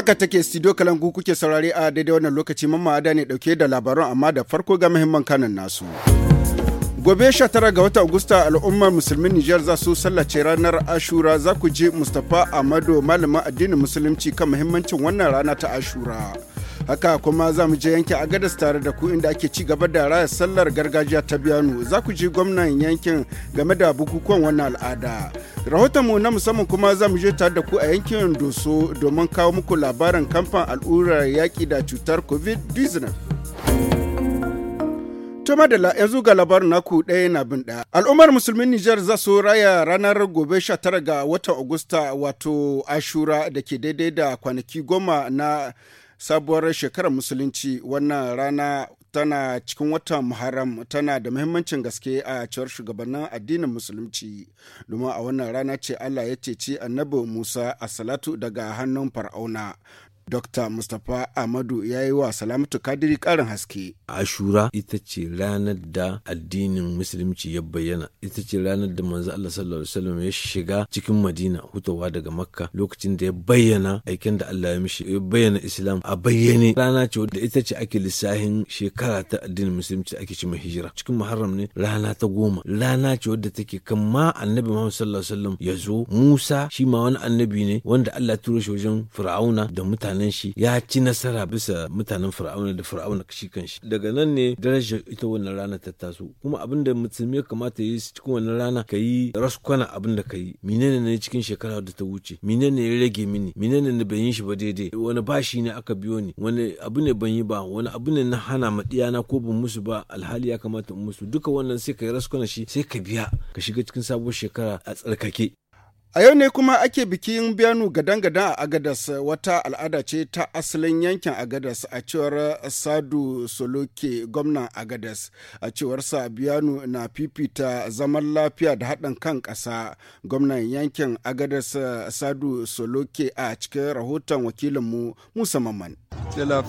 Haka take studio kalangu kuke saurare a daidai wannan lokaci mamma ada ne dauke da labaran amma da farko ga muhimman kanan nasu. Gobe 19 ga watan Agusta al'ummar musulmin Nijar za su sallace ranar Ashura za ku je Mustapha Amado malamin addinin musulunci kan muhimmancin wannan rana ta Ashura. haka kuma za mu je yankin agadas tare da ku inda ake ci gaba da raya sallar gargajiya ta biyanu za ku ji gwamnan yankin game da bukukuwan wannan al'ada rahotonmu na musamman kuma za mu je tare da ku a yankin doso domin kawo muku labarin kamfan al'urar yaƙi da cutar covid-19 da la yanzu ga labarin naku ɗaya na bin ɗaya. Al'ummar musulmin Nijar za su raya ranar gobe 19 ga watan Agusta wato Ashura da ke daidai da kwanaki goma na sabuwar shekarar musulunci wannan rana tana cikin watan Muharram tana da muhimmancin gaske a cewar shugabannin addinin musulunci domin a wannan rana ce Allah ya ceci annabi Musa a salatu daga hannun Far'auna Dr. Mustapha Ahmadu ya yi wa Salamatu Kadiri karin haske. Ashura ita ce ranar da addinin Musulunci ya bayyana, ita ce ranar da manzo Allah sallallahu alaihi wasallam ya shiga cikin Madina hutawa daga Makka lokacin da ya bayyana aikin da Allah ya mishi ya bayyana Islam a bayyane rana ce da ita ce ake lissahin shekara ta addinin Musulunci ake cima hijira. Cikin Muharram ne rana ta goma, rana ce wadda take kan ma Annabi Muhammad sallallahu alaihi wasallam ya zo Musa shi ma wani annabi ne wanda Allah turo shi wajen Fir'auna da mutane mutanen shi ya ci nasara bisa mutanen fir'auna da fir'auna shi kanshi daga nan ne darajar ita wannan rana ta taso kuma abin da musulmi ya kamata ya yi cikin wannan rana ka yi raskwana abin da ka yi menene ne cikin shekara da ta wuce menene ya rage mini menene ne ban yi shi ba daidai wani bashi ne aka biyo ni wani abu ne ban yi ba wani abu ne na hana ma diyana ko ban musu ba alhali ya kamata in musu duka wannan sai ka yi raskwana shi sai ka biya ka shiga cikin sabuwar shekara a tsarkake A yau ne kuma ake bikin biyanu gadan-gadan a Agadas wata al'ada ce ta asalin yankin Agadas a cewar Sadu Soloke gwamnan Agadas. A cewar sa biyanu na fifita zaman lafiya da haɗin kan ƙasa. Gwamnan yankin Agadas Sadu Soloke a cikin rahoton wakilinmu Musa Maman. Salar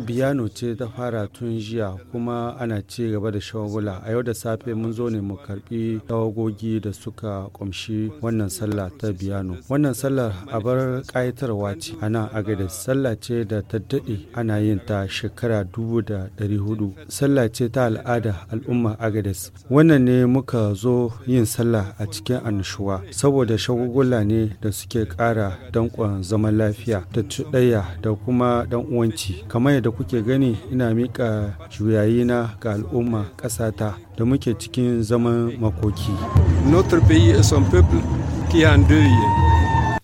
biyano ce ta fara tun jiya kuma ana ci gaba da shagula. A yau da safe mun zo ne mu karɓi tawagogi da suka kumshi wannan sallah ta biyano wannan sallar abar kayatarwa ce a nan sallah ce da ta daɗe ana yin ta shekara dubu da ɗari hudu sallah ce ta al'ada al'umma agades wannan ne muka zo yin sallah a cikin annushuwa saboda shagugula ne da suke ƙara danƙon zaman lafiya da cuɗayya da kuma ɗan'uwanci. uwanci kamar yadda kuke gani ina miƙa juyayina ga al'umma ƙasata da muke cikin zaman makoki. notre pays et son peuple qui est en deuil.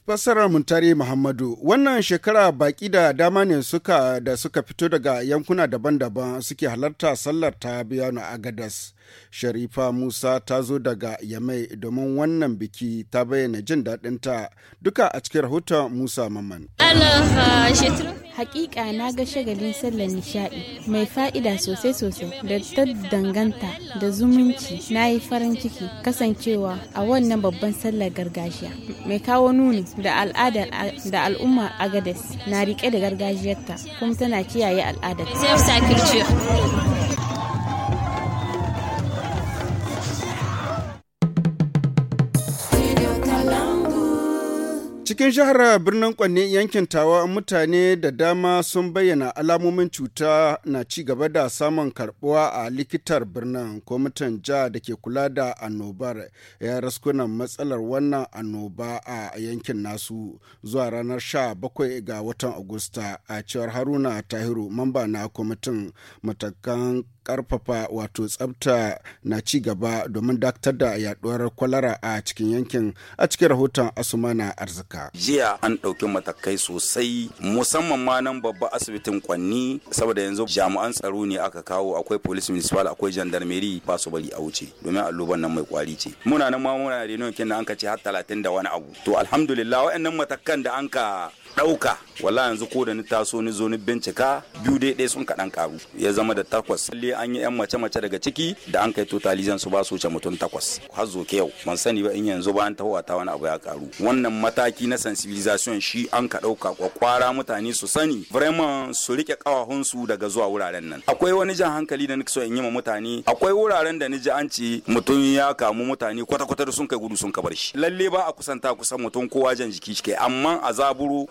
fassarar muntari muhammadu wannan shekara baki da dama ne suka da suka fito daga yankuna daban-daban suke halarta sallar ta biyanu a gadas Sharifa Musa ta zo daga Yamai domin wannan biki ta bayyana jin daɗinta duka a cikin rahoton Musa Maman. hakika na ga shagalin sallar nishaɗi mai fa'ida sosai-sosai da ta danganta da zumunci na yi farin ciki kasancewa a wannan babban sallar gargajiya mai kawo nuni da al'adar da al'umma agades na rike da gargajiyarta kuma tana kiyaye al'adar cikin jihar birnin kwanne yankin tawa mutane da dama sun bayyana alamomin cuta na ci gaba da samun karbuwa a likitar birnin kwamitin ja da ke kula da annobar ya raskunan matsalar wannan annoba a yankin nasu zuwa ranar 17 ga watan agusta a cewar haruna tahiru mamba na kwamitin matakan karfafa wato tsabta na ci gaba domin daktar da yaduwar kwalara a cikin yankin a cikin rahoton asumana arzika ta jiya an ɗauki matakai sosai musamman ma nan babba asibitin kwanni saboda yanzu jami'an tsaro ne aka kawo akwai police municipal akwai gendarmerie ba su bari a wuce domin alluban nan mai kwari ce muna nan ma muna da nan an ka ce har talatin da wani abu to alhamdulillah waɗannan matakan da an ɗauka wala yanzu ko da ni taso ni zo ni bincika biyu dai ɗaya sun kaɗan karu ya zama da takwas lalle an yi yan mace mace daga ciki da an kai totalizan su ba su wuce mutum takwas har zo ke yau ban sani ba in yanzu ba an tahowa ta wani abu ya karu wannan mataki na sensibilization shi an ka ɗauka kwakwara mutane su sani vraiment su rike kawahun su daga zuwa wuraren nan akwai wani jan hankali da nake so in yi ma mutane akwai wuraren da ni ji an ce mutum ya kamu mutane kwata-kwata da sun kai gudu sun kabar shi lalle ba a kusanta kusan mutum kowa jan jiki shi amma a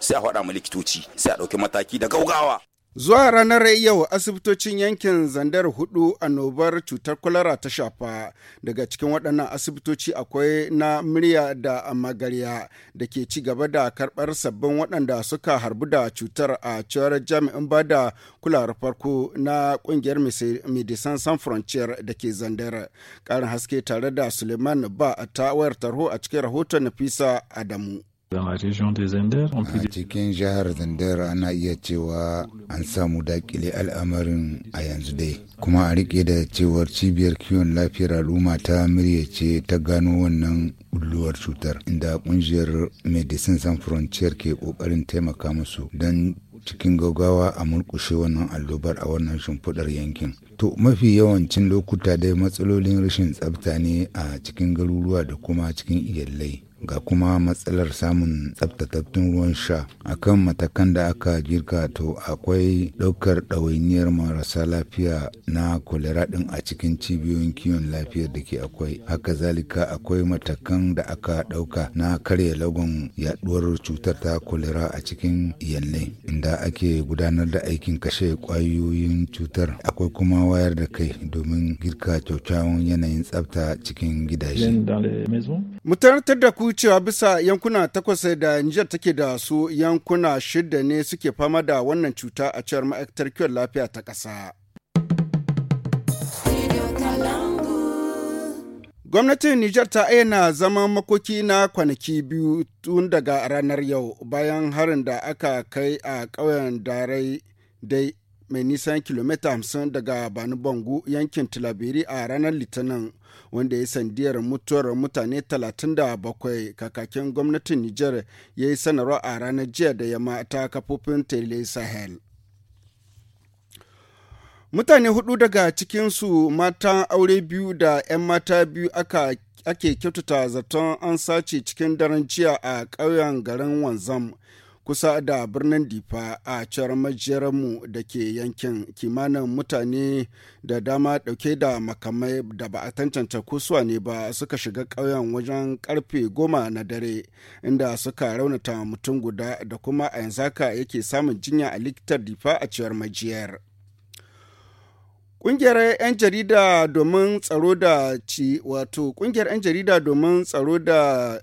sai a faɗa mu likitoci sai a ɗauki mataki da gaugawa Zuwa ranar yau asibitocin yankin zandar hudu annobar cutar kwalara ta shafa daga cikin waɗannan asibitoci akwai na murya da magarya da ke ci gaba da karɓar sabbin waɗanda suka harbu da cutar a cewar jami'in ba da kulawar farko na ƙungiyar medecin san frontier da ke zandar ƙarin haske tare da suleiman ba ta wayar tarho a cikin rahoton nafisa adamu A cikin jihar Zandar ana iya cewa an samu dakile al'amarin a yanzu dai. Kuma a rike da cewar cibiyar kiwon lafiyar al'umma ta murya ce ta gano wannan bulluwar cutar inda kungiyar Medicine Sans Frontier ke kokarin taimaka musu don cikin gaggawa a murkushe wannan allobar a wannan shimfiɗar yankin. To mafi yawancin lokuta dai matsalolin rashin tsafta ne a cikin garuruwa da kuma cikin iyalai. ga kuma matsalar samun tsabtatattun ruwan sha a kan matakan da aka girka to akwai ɗaukar ɗawainiyar marasa lafiya na kwalera ɗin a cikin cibiyoyin kiwon lafiyar da ke akwai haka zalika akwai matakan da aka ɗauka na karya lagon yaɗuwar cutar ta kwalera a cikin iyalai inda ake gudanar da aikin kashe ƙwayoyin cutar akwai kuma wayar da kai domin girka kyakkyawan yanayin tsabta cikin gidaje Mutantar da ku cewa bisa yankuna takwas da Nijar take da su yankuna shida ne suke fama da wannan cuta a cewar ma'aikatar kiwon lafiya ta ƙasa. Gwamnatin Nijar ta aina zaman makoki na kwanaki biyu tun daga ranar yau bayan harin da aka kai a ƙauyen Darai dai mai nisan kilomita 50 daga banu Bango yankin Tilabiri a ranar Litinin wanda ya sandiyar mutuwar mutane 37 kakakin gwamnatin niger ya yi sanarwa a ranar jiya da yamma ta kafofin Tele Sahel. Mutane hudu daga cikinsu mata aure biyu da 'yan mata biyu aka ake kyautata zaton an sace cikin daren jiya a ƙauyen garin Wanzam. kusa da birnin difa a cewar majiyarmu da ke yankin kimanin mutane da dama dauke da makamai da ba a tantance kusuwa ne ba suka shiga ƙauyen wajen karfe goma na dare inda suka raunata mutum guda da kuma a yanzu haka yake samun jinya a likitar difa a cewar majiyar Ƙungiyar 'yan jarida domin tsaro da ci 'yan jarida domin tsaro da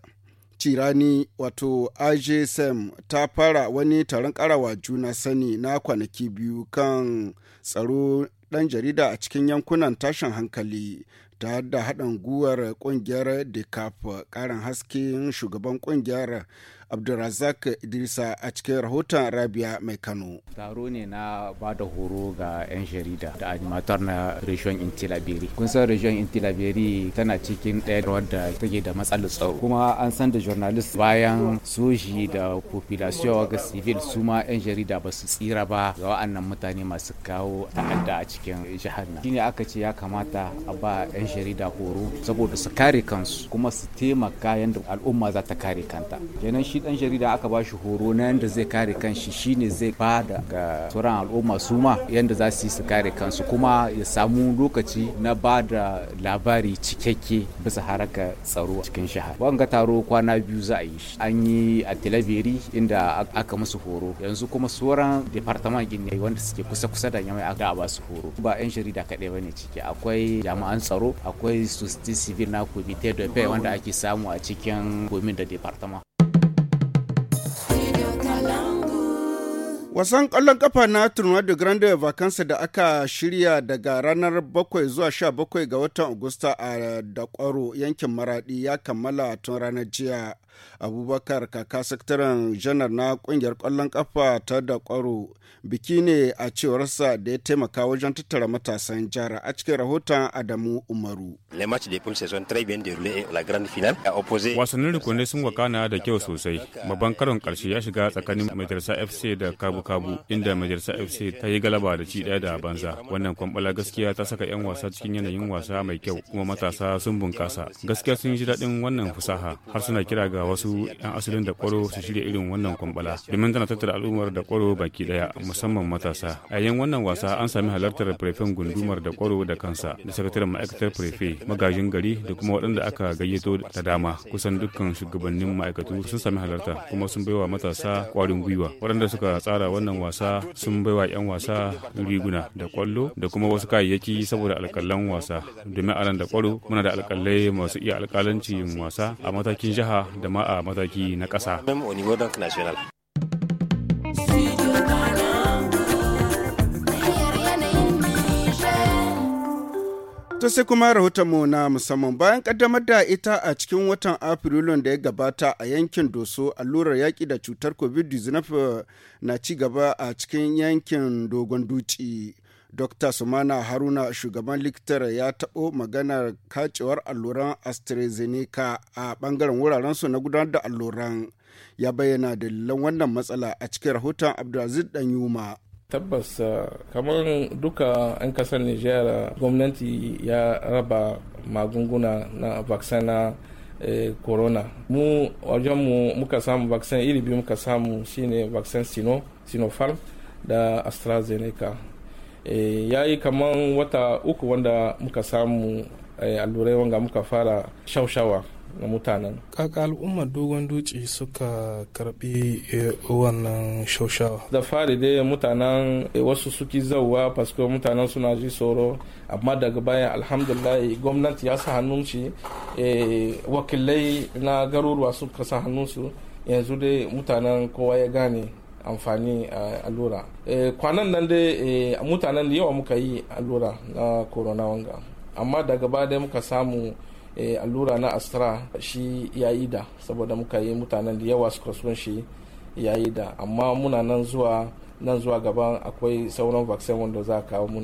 cirani wato ijsm ta fara wani taron karawa juna sani na kwanaki biyu kan tsaro dan jarida a cikin yankunan tashin hankali ta da haɗin guwar ƙungiyar decap karin hasken shugaban ƙungiyar abdulrazak idrisa a cikin rahoton rabia mai kano taro ne na ba da horo ga 'yan jarida da animator na region intilaberi kun san region intilaberi tana cikin ɗaya wadda take da matsalar tsaro kuma an san da journalist bayan soji da population ga civil su ma 'yan jarida ba su tsira ba ga wa'annan mutane masu kawo ta'adda a cikin jihar nan shine aka ce ya kamata a ba 'yan jarida horo saboda su kare kansu kuma su taimaka yadda al'umma za ta kare kanta kenan shi dan jarida aka ba shi horo na yadda zai kare kanshi shine zai ba da ga sauran al'umma su ma yadda za su yi su kare kansu kuma ya samu lokaci na ba da labari cikakke bisa haraka tsaro cikin shahar wanga taro kwana biyu za a yi shi an yi a telebiri inda aka musu horo yanzu kuma sauran departament gini wanda suke kusa kusa da yamai aka ba su horo ba yan jarida kaɗai bane ciki akwai jami'an tsaro akwai society civil na comité de paix wanda ake samu a cikin gomin da departement. Wasan ƙwallon kafa na Tournoi da Grande vacancy da aka shirya daga ranar 7 zuwa 17 ga watan Agusta a Dakwaro yankin Maradi ya kammala tun ranar jiya. abubakar kaka sakataren janar na kungiyar kwallon kafa ta da kwaro biki ne a cewarsa da ya taimaka wajen tattara matasan jihar a cikin rahoton adamu umaru wasannin rukunai sun wakana da kyau sosai babban karon karshe ya shiga tsakanin majalisa fc da kabu-kabu inda majalisa fc ta yi galaba da ci daya da banza wannan kwambala gaskiya ta saka 'yan wasa cikin yanayin wasa mai kyau kuma matasa sun bunkasa gaskiya sun yi daɗin wannan fusaha har suna kira ga wasu 'yan asalin da kwaro su shirya irin wannan kwambala domin tana tattara al'ummar da kwaro baki daya musamman matasa a yayin wannan wasa an sami halartar prefen gundumar da kwaro da kansa da sakataren ma'aikatar prefe magajin gari da kuma waɗanda aka gayyato da dama kusan dukkan shugabannin ma'aikatu sun sami halarta kuma sun baiwa matasa kwarin gwiwa waɗanda suka tsara wannan wasa sun baiwa 'yan wasa riguna da kwallo da kuma wasu kayayyaki saboda alkalan wasa domin a da kwaro muna da alkalai masu iya alƙalancin wasa a matakin jiha da kuma a mataki na ƙasa. To sai kuma rahotonmu na musamman bayan kaddamar da ita a cikin watan Afrilun da ya gabata a yankin Doso allurar yaƙi da cutar COVID-19 na ci gaba a cikin yankin Dogon Duci. Dr. Sumana Haruna shugaban likitar ya taɓo maganar kacewar alluran AstraZeneca a ɓangaren wurarensu na gudanar da alluran. Ya bayyana dalilan wannan matsala a cikin rahoton Abdulaziz Danyuma. tabbas uh, kamar duka 'yan kasar nijar gwamnati ya raba magunguna na vaccine na eh, corona mu wajenmu muka samu vaccine iri biyu muka samu shine vaccine sino sinopharm da astrazeneca Eh, ya yi kaman wata uku wanda muka samu eh, allurai wanga muka fara shaushawa na mutanen kaka al'ummar dogon dutse suka karbi eh, wannan shaushawa da fari dai mutanen wasu suki zauwa fasko mutanen suna ji tsoro amma daga bayan alhamdulillah gwamnati ya sa hannun wakilai na garuruwa suka sa hannun yanzu dai mutanen kowa ya gane amfani allura eh, kwanan nan dai eh, mutanen da yawa muka yi allura na corona wanga amma daga baya da muka samu eh, allura na astra shi ya yi da saboda muka yi mutanen da yawa suka sun shi ya yi da amma muna nan zuwa nan zuwa gaban akwai sauran vaccine wanda za a kawo mu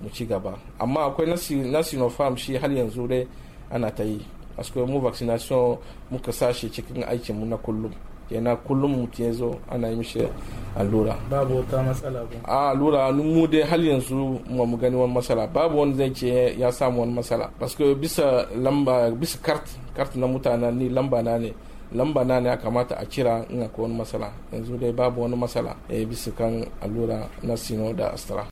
mu ci gaba amma akwai na sinopharm shi har yanzu dai ana ta yi a mu vaccination muka sashi cikin aikinmu na kullum yana kullum mutum ya zo ana yi mishi allura babu wata matsala ba a allura mu dai har yanzu ma mu gani wani matsala babu wani zai ce ya samu wani matsala paske bisa lamba bisa kart kart na mutane ni lamba na ne lamba na ne ya kamata a cira in akwai wani matsala yanzu dai babu wani matsala eh, bisa kan allura na sino da astra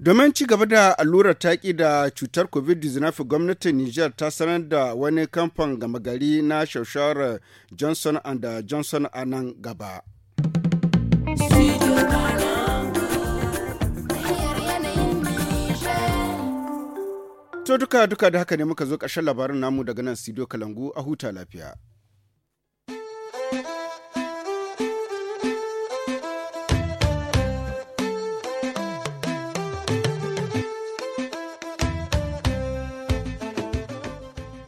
Domin ci gaba da allurar taƙi da cutar COVID-19 gwamnatin niger ta sanar da wani kamfan gama gari na shawarar Johnson and Johnson a nan gaba. To duka duka da haka ne muka zo ƙarshen labarin namu daga nan studio Kalangu a huta lafiya.